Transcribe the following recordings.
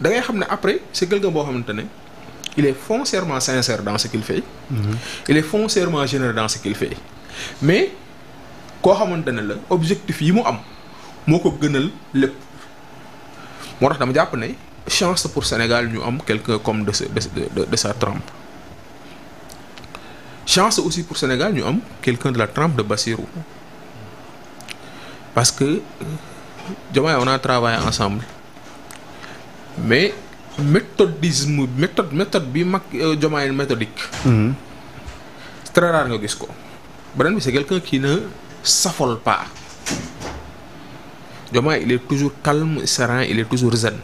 da xam ne après c'est quelqu'un boo xamante ne il est foncièrement sincère dans ce qu'il fait. Mhm. il est foncièrement généreux dans ce qu'il mais koo xamante ne la objectif yi mu am moo ko gënal lépp moo tax dama jàpp ne chance pour Sénégal ñu am quelque comme de sa de de sa trempe chance aussi pour Sénégal ñu am quelqu'un de la trempe de Bassirou parce que euh, Diomaye on a travaillé ensemble. mais méthodisme méthode méthode bi mag euh, Diomaye méthodique. c'est mhm. nga gis ko. beneen bi c'est quelqu'un qui ne s'affole pas. Diomaye il toujours calme serein il toujours zen.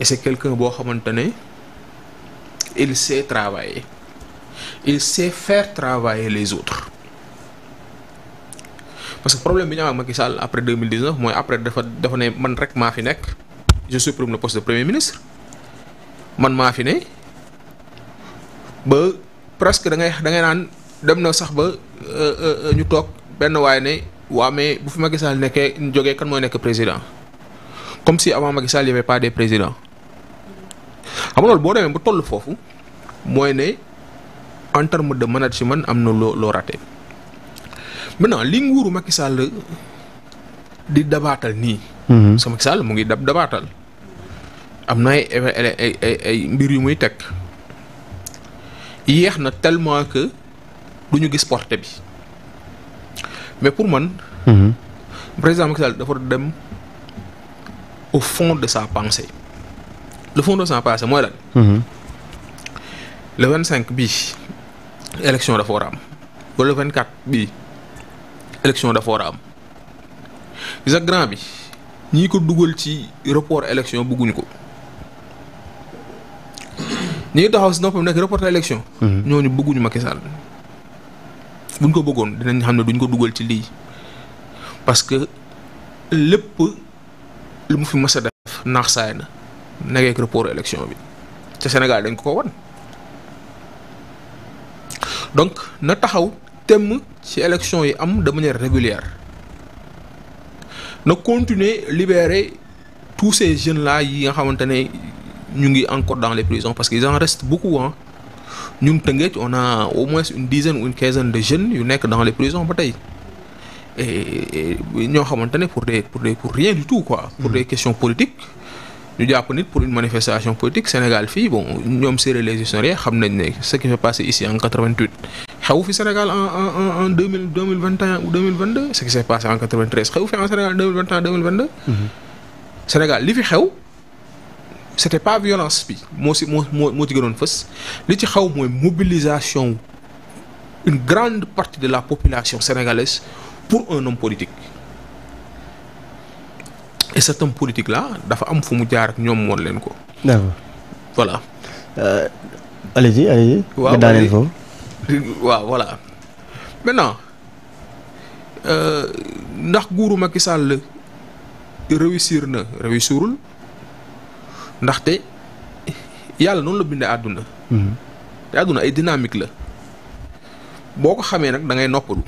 et boo xamante ne il sait travailler. il sait faire travailler les autres. parce que problème bi ñu am ak Macky Sall après 2019 mooy après dafa dafa ne man rek maa fi nekk je supprime le poste de premier ministre man maa fi ne ba presque da ngay da ngay naan dem na sax ba euh, euh, euh, ñu toog benn waaye ne waa mais bu fi Macky Sall nekkee jógee kan mooy nekk président comme si avant Macky Sall y avait pas des présidents xam loolu boo demee ba toll foofu mooy ne en terme de management am na loo loo raté. maintenant li nguuru Macky Sall di dabaatal nii. Mhm. parce que Macky mu ngi dab dabaatal. am na ay ay mbir yu muy teg yéex na tellement que du ñu gis porte bi mais pour man. Mhm. président Macky Sall dafa dem au fond de sa pensée. le fond de sa pensée mooy lan. Mhm. le vingt cinq bii élection dafa war a le vingt quatre bii. élection dafa war a am gis grand bi ñi ko dugal ci report élection bëgguñu ko ñi ngi taxaw si noppam nekk reporté élection. Mhm. ñooñu bëgguñu Macky Sall buñ ko bëggoon dinañ xam ne duñ ko dugal ci lii parce que lépp lu mu fi mës def naax saay na negeek report élection bi ca Sénégal dañ ko ko wan donc na taxaw. temm ci élection yi am de manière régulière na continuer libérer tous ces jeunes là yi nga xamante ne ñu ngi encore dans les prisons parce qu'ils en restent beaucoup ñu ñun Tëngéej on a au moins une dizaine ou une quinzaine de jeunes yu nekk dans les prisons ba tey et ñoo xamante ne pour des pour des pour rien du tout quoi. pour hmm. des questions politiques ñu jàpp nit pour une manifestation politique Sénégal fii ñoom séeréer les gestionnaires xam nañ ne ce qui s'est passé ici en xew fi Sénégal en en en deux mille deux mille un ou deux mille vingt deux ce qui s' est passé en quatre vingt treize xew fi en Sénégal mhm. li fi xew. c' était pas violence bi moo si moo moo moo ci gënoon fës li ci xaw mooy mobilisation une grande partie de la population sénégalaise pour un homme politique. et cet homme politique là dafa am fu mu jaar ak ñoom woon leen ko. d' accord voilà. Euh, allez-y allez waaw waaw voilà maintenant euh, ndax nguuru Macky Sall réussir na réussirul ndaxte yàlla noonu la bindee àdduna. Mhm. te àdduna ay dynamique la boo ko xamee nag da ngay noppalu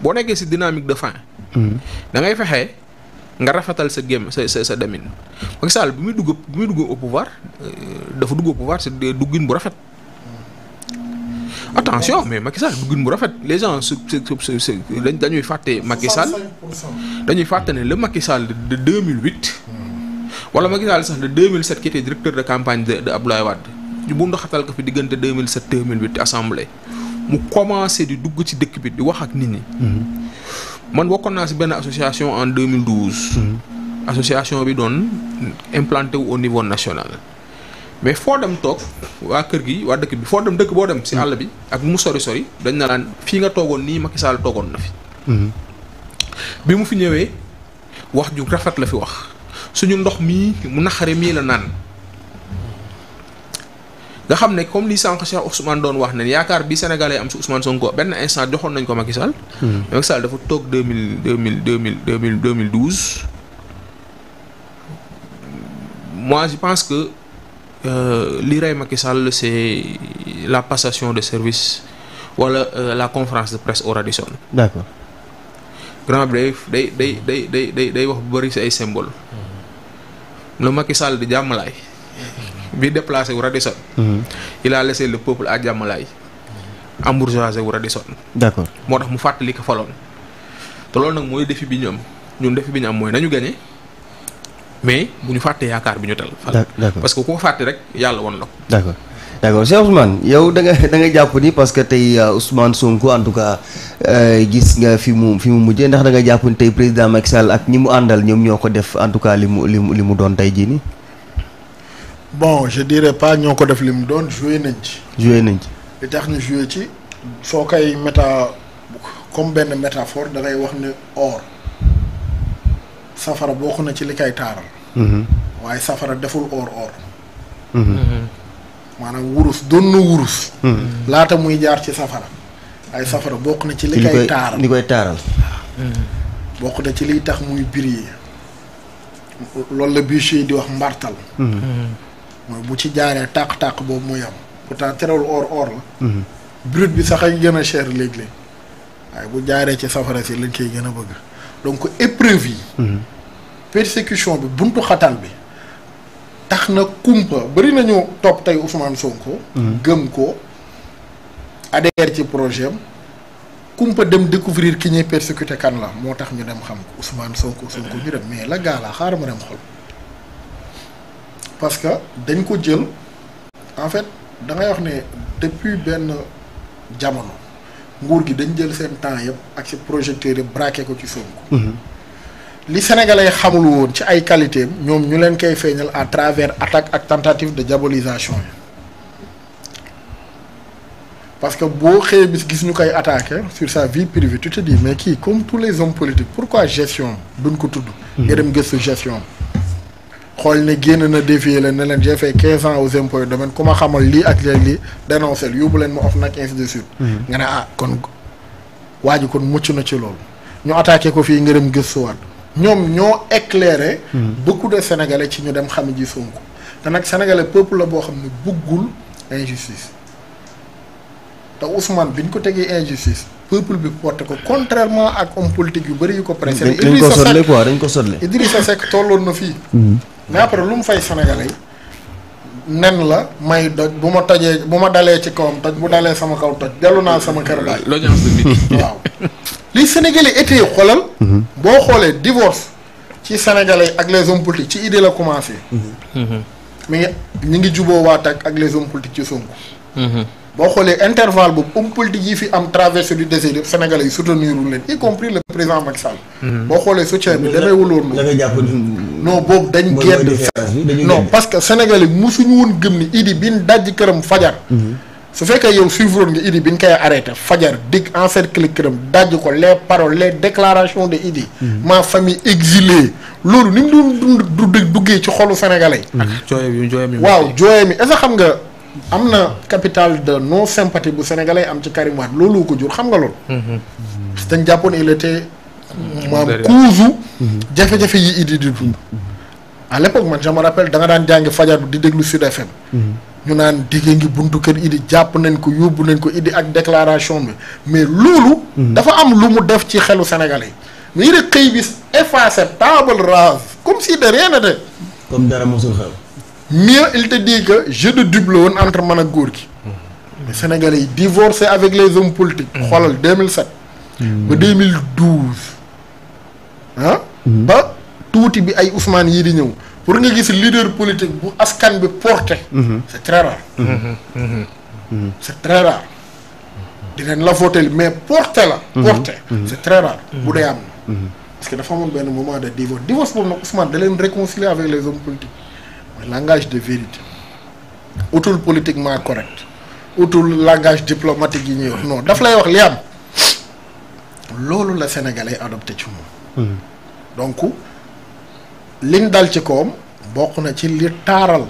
boo nekkee si dynamique de fin. Mhm. da ngay fexe nga rafetal sa gémm sa sa sa demin Macky Sall bi muy dugg bi muy dugg au pouvoir euh, dafa dugg au pouvoir c'est duggin bu rafet. attention mais Macky Sall bëggul mu rafet les gens su su su dañuy fàtte Macky Sall dañuy fàtte ne le Macky Sall de 2008 wala Macky Sall sax de 2007 qui était directeur de campagne de de Abdoulaye Wade bu ndoxatal ko fi diggante 2007 2008 assemblée mu commencé di dugg ci dëkk bi di wax ak nit ñi. Mm-hmm. man bokkoon naa si benn association en 2012. Mm-hmm. association bi doon implanté wu au niveau national. mais foo dem toog waa kër gi waa dëkk bi foo dem dëkk boo dem si àll bi ak mu sori sori dañ na laan fii nga toogoon nii Macky Sall toogoon na fi. Mhm. bi mu fi ñëwee wax ju rafet la fi wax suñu ndox mii mu naqare mii la naan. nga xam ne comme li sànq Cheikh Ousmane doon wax ne yaakaar bi sénégalais am si Ousmane Sonko benn instant joxoon nañ ko Macky Sall. Mhm. Macky Sall dafa toog deux mille deux mille deux mille deux mille douze. moi je pense que. Euh, lii rey Macky Sall c'est la passation de service wala euh, la conférence de presse au Radisson. d'accord grand bi day day day day wax bu bëri si ay symbole mhm. le Macky Sall di jàmmalaay. bi déplacé wu Radisson. Mhm. il a laissé le peuple à jàmmalaay. embourgeoisé wu Radisson. d'accord moo tax mu fàttali ko faloon te loolu nag mooy défi bi ñu am ñun défi bi ñu am mooy nañu gagné. mais bu ñu fàtte yaakaar bi ñu tal. d'accord parce que koo ko fàtte rek yàlla woon la ko. d'accord d'accord Cheikh Ousmane yow da nga da nga jàpp ni parce que tey euh, Ousmane Sonko en tout cas euh, gis nga fi mu fi mu mujjee ndax da nga jàpp ni tey président Macky Sall ak ñi mu àndal ñoom ñoo ko def en cas li mu li mu li mu doon tey jii nii. bon je dirais pas ñoo ko def li mu doon joué nañ ci. joué nañ ci. li tax ñu joué ci soo koy méta comme benn métaphore da ngay wax ne or. safara bokk na ci li koy taaral. Mhm. waaye safara deful or or. Mhm. Mhm. maanaam wurus doon na wurus. laata muy jaar ci safara. ay safara bokk na ci li koy taaral koy taaral. bokk na ci li tax muy briller. loolu la bûcher di wax mbartal. mooy bu ci jaaree tàq-tàq boobu muy am pourtant terewul or or la. brut bi sax ay gën a cher léeg-léeg waaye bu jaaree ci safara si lañ koy gën a bëgg donc épreuve yi. persécution bi buntu xataan bi tax na kumpa bëri nañu topp tey Ousmane Sonko. Mm-hmm. gëm ko adhère ci projet am kumpa dem découvrir ki ñuy persécuté kan la moo tax ñu dem xam ko Ousmane Sonko Sonko mm-hmm. ñu dem mais la gaa laa ma dem xool parce que dañ ko jël en fait da wax ne depuis benn jamono nguur gi dañ jël seen temps yëpp ak si projecteurs yi braqué ko ci Sonko. Mm-hmm. li sénégalais xamul woon ci ay qualité ñoom ñu leen koy feeñal à travers attaque ak tentative de diabolisation yi parce que boo xëyee bis gis ñu koy attaqué sur sa vie privée tu te di mais kii comme tous les hommes politiques pourquoi gestion duñ ko tudd. nga dem hmm. gëstu gestion xool ne génn na dévier leen ne leen j'ai fait 15 ans aux impôts et domaines ku ma xamal lii ak léeg lii dénoncé yóbbu leen ma of nag ainsi de suite. Hmm. nga ne ah kon waa ji kon mucc na ci loolu. ñu attaqué ko fii nga gëstuwaat ñoom ñoo éclairé. beaucoup dee sénégalais ci ñu dem xam ji Sonko te nag sénégalais peuple la boo xam ne buggul injustice te Ousmane bi ñu ko tegee injustice peuple bi porté ko contrairement ak homme politique yu bari yu ko pressé. dañ ko sotle quoi dañ ko sotle Idrissa Seck tolloon na fii. Mhm. mais après lu mu fay sénégalais nen la may doj bu ma tojee bu ma dalee ci kawam toj bu dalee sama kaw toj dellu naa sama kër baay. l'audience de waaw. li Sénégalais été xoolal. boo xoolee divorce ci Sénégalais ak les hommes politiques ci idée la commencé. mu ngi ñu ngi juboo waat ak ak les hommes politiques ci Sonko. boo xoolee intervalle boobu homme politique yi fi am traversé du désert yëpp Sénégalais yi soutenir wuñ leen y compris le président Macky boo xoolee soutien bi demeewul woon. da ngay jàpp non boobu dañ. gedd non parce que Sénégalais mosuñu woon gëm ni idi bi daj këram fajar. su fekkee yow suivre nga Idi bi ñu koy arrêté fajar dig encercler këram daj ko les paroles les déclaration de Idi. Mm-hmm. ma famille exilée loolu ni mu doon dund duggee ci xolu sénégalais. Mm-hmm. ak jooyam waaw jooyam yi est xam nga am na capital de non sympathie bu sénégalais am ci Karim Wade loolu ko jur xam nga loolu. Mm-hmm. parce dañ jàppoon il était. maam kuusu. jafe-jafe yi Idi di dund. à l'époque man je me rappelle da nga daan jàngi fajar di déglu Sud FM. ñu naan digg ngi buntu kër Idi jàpp nañ ko yóbbu nañ ko Idi ak déclaration bi mais loolu. Mhm. dafa am lu mu def ci xelu Sénégalais yi. mais rek xëy bis effacé table rase comme si de rien n'était. comme dara mosul xew. mieux il di dit que de duble woon entre mën a góor gi. mais mhm. Sénégalais yi divorcé avec les hommes politiques. Mhm. xoolal 2007. ba 2012. ah. ba tuuti bi ay Ousmane yii di ñëw. pour nga gis leader politique bu askan bi porté. Mhm. c'est très rare. Mhm. Mhm. c'est très rare. dinañ la mais porté la. porté c'est très rare. bu dee am na. parce que dafa amoon benn moment de divorce divorce boobu nag Ousmane da leen réconcilier avec les hommes politiques mooy langage de vérité utul politiquement correct utul langage diplomatique yi ñuy wax non daf lay wax li am loolu la sénégalais adopté ci moom. liñ dal ci kawam bokk na ci li taaral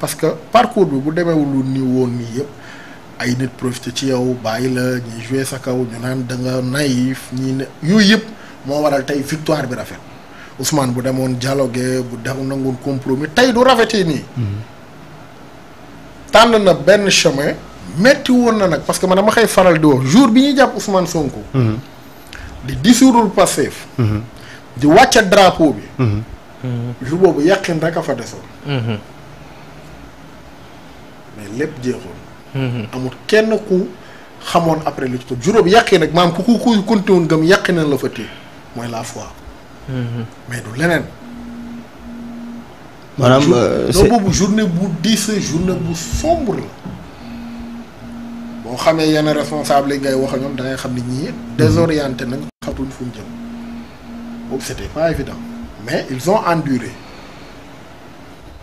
parce que parcours bi bu demeewul ni woon nii yëpp ay nit profité ci yow bàyyi la ñuy joué sa kaw ñu naan da nga naïf ñii ne yooyu yëpp moo waral tey victoire bi rafet Ousmane bu demoon dialogué bu dem nangoon compromis tey du rafetee nii. Mm-hmm. tànn na benn chemin. metti woon na nag parce que man ma xëy faral di wax jour bi ñuy jàpp Ousmane Sonko. Mm-hmm. di dissoudre Pastef. Mm-hmm. di wàcce drapeau bi. lu bu yàqin rek a fa desoon. Mm-hmm. mais lépp jeexoon. Mm-hmm. amul kenn ku xamoon après lu ci topp juróom yàqin nag maam ku ku ku konte gëm yàqin na la fa téye mooy la fois mm-hmm. mais du leneen. maanaam euh, c'est boobu journée bu diis journée bu sombre la. boo xamee yenn responsable yi ngay wax ak ñoom da ngay xam ni ñii désorienté nañ xatuñ fu ñu jëm boobu c'était pas évident. mais ils ont enduré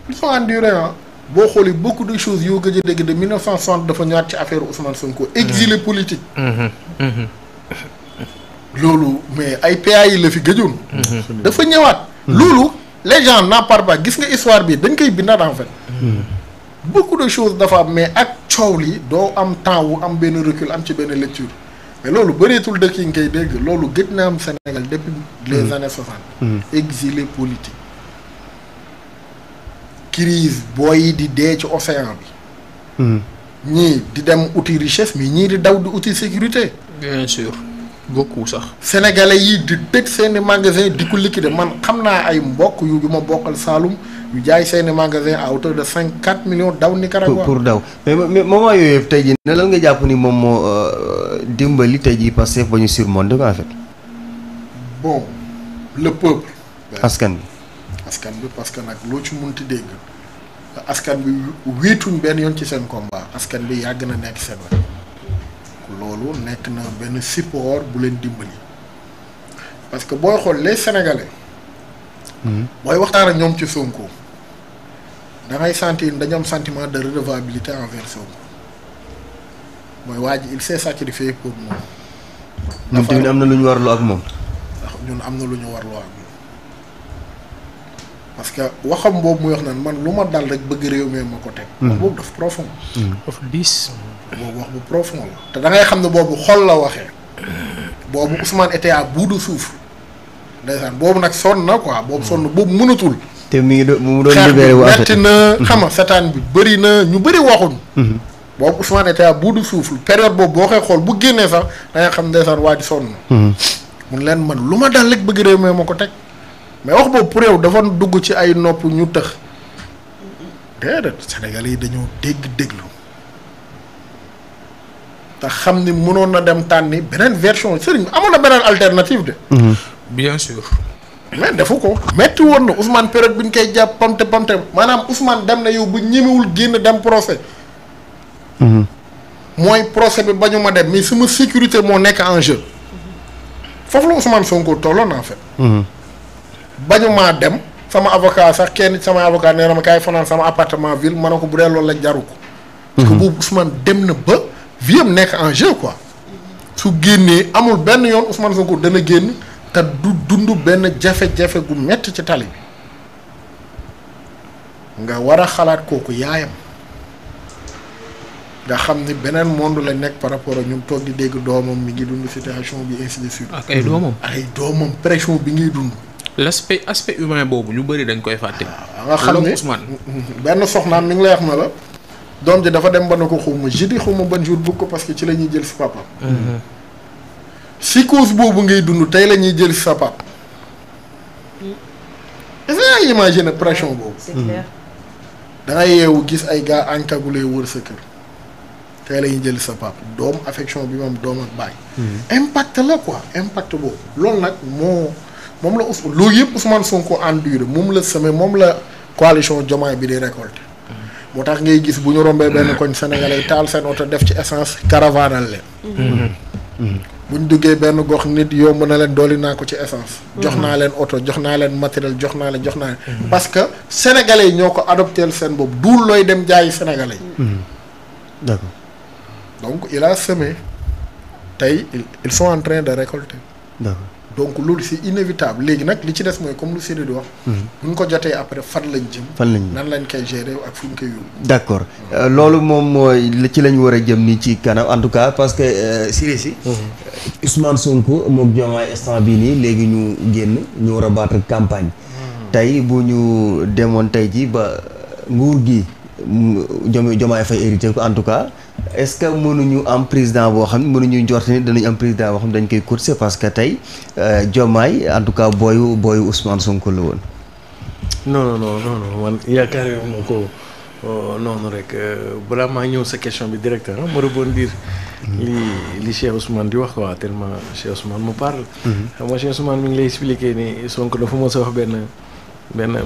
ils ont enduré ah boo xoolee beaucoup de choses yoo gëj a dégg de 1960 dafa ñëwaat ci affaire Ousmane Sonko. Mm-hmm. exilé politique. Mm-hmm. Mm-hmm. loolu mais ay PA yi la fi gëjoon. dafa ñëwaat. loolu les gens n'en gis nga histoire bi dañ koy bindaat en fait. beaucoup de choses dafa am mais ak coow li doo am temps wu am benn recul am ci benn lecture. mais loolu bëreetul dëkk yi nga koy dégg loolu gëj na am Sénégal depuis les mm. années soixante mm. exilé politique crise booy di dee ci océan bi mm. ñii di dem uti richesse mais ñii di daw di uti sécurité bien sûr beaucoup sax sénégalais yi di tëj seeni magasin di ko liquider man xam naa ay mbokk yu ma bokkal Saloum ñu jaay seeni magasin à de cinq quatre millions daw ni Nicaragua pour daw mais mais moment yooyu yëpp tey jii ne lan nga jàpp ni moom moo euh, dimbali tey jii Pastef ba ñu surmonter ko en fait. bon le peuple. askan bi askan bi parce que nag loo ci munti dégg askan bi wéetuñ benn yoon ci seen combat askan bi yàgg na nekk seen loolu nekk na benn support bu leen dimbali parce que booy xool les sénégalais. mooy waxtaan ak ñoom ci Sonko da ngay sentir am sentiment de redevabilité envers Sonko mooy waa ji il s'est sacrifié pour moom. ñun na lu ñu warloo ak moom. ñun am na lu ñu warloo ak moom parce que waxam boobu muy wax naan man lu ma dal rek bëgg réew mi ma ko teg. Hmm. boobu daf profond. Hmm. dafa diis. boobu wax bu profond la. te da xam ne boobu xol la waxee. boobu Ousmane était à bout de ndeysaan boobu nag sonn na quoi boobu sonn hmm. boobu mënatul. te mi ngi doon mu doon libéré wu metti na hmm. xam nga setaan bi bëri na ñu bëri waxuñ. Hmm. boobu Ousmane Etat bu du suuf période boobu boo koy xool bu génnee sax da nga xam ndeysaan waa ji sonn. mun leen man lu ma dal rek bëgg réew mi ma ko teg mais wax boobu pour yow dafa dugg ci ay nopp ñu tëx déedéet yi dañoo dégg déglu te xam ni mënoon na dem tànni beneen version sëriñ amoon na beneen alternative de. bien sûr. mais defu ko. metti woon na Ousmane période bi ñu koy jàpp pamte pamte maanaam Ousmane dem na yow bu ñemewul génn dem procès. Mhm. mooy procès bi bañu ma dem mais sama sécurité moo nekk en jeu. foofu la Ousmane sonkoo tolloon en fait. Mhm. bañu maa dem sama avocat sax kenn sama avocat nee na ma kaay fanaan sama appartement ville ma ne ko bu dee loolu la jaru ko. parce que mhm. boobu Ousmane dem na ba vie am nekk en jeu quoi. su génnee amul benn yoon Ousmane Sonko dana génn. te du dund benn jafe-jafe gu metti ci tali bi nga war a xalaat kooku yaayam nga xam ni beneen monde la nekk par rapport ak ñun toog di dégg doomam mu ngi dund situation bi ainsi de suite. ak ay doomam ay doomam pression bi ngiy dund. l' aspect aspect boobu ñu bëri dañ koy fàtte. Ah, nga xam ne Ousmane benn soxnaam mi ngi lay wax na la. doom ji dafa dem ba ne ko xaw ma jeudi xaw ma ban jour bëgg ko parce que ci la ñuy jël si papa. Mm-hmm. si cause boobu ngay dund tey la ñuy jël sa pap est boobu. c'est clair. yeewu gis ay gars encagoulé wër sa kër tey la ñuy jël sa pap doom affection bi moom doom ak baay. Mhm. impact la quoi impact boobu. loolu nag moo moom la Ousmane loolu yëpp Ousmane Sonko enduré moom la semé moom la coalition Diomaye bi di récolté. Mhm. moo tax ngay gis bu ñu rombee benn mhm. koñ sénégalais taal seen oto def ci essence caravanal leen. bu ñu duggee benn gox nit yomb na leen dooli naa ko ci essence. jox mhm. naa leen oto jox naa leen matériel jox naa leen jox naa leen. Mhm. parce que sénégalais yi ñoo ko adopté seen bopp duul looy dem jaayi sénégalais yi. Mhm. donc il a semé tey ils sont en train de récolter. donc loolu c'est inévitable léegi nag li ci des mooy comme lu Sidi di wax. Hmm. bu ñu ko jotee après fan lañ jëm. fan lañ nan lañ koy gérer ak fu ñu koy yóbbu. d'accord euh, loolu moom mooy li ci lañ war a jëm nii ci kanam en tout cas parce que si euh, si. Hmm. Euh, Ousmane Sonko mook Diomaye instant bii nii léegi ñu génn ñu war a battre campagne. Hmm. tey bu ñu demoon tey ji ba nguur gi Diomaye Faye hérité ko en tout cas. est-ce que mënuñu am président boo xam ne mënuñu njort ni danañ am président boo xam dañ koy course parce que tey euh, Diomaye en tout cas booyu booyu Ousmane Sonko la woon. non man yaakaar yow moo ko euh, noonu rek euh, balaa maa ñëw sa question bi directeur ah, ma rebondir. Mm-hmm. li li Cheikh Ousmane di wax quoi tellement Cheikh Ousmane mu parle. Mm-hmm. xam nga Cheikh Ousmane mi ngi lay expliquer ni Sonko dafa mos a wax benn.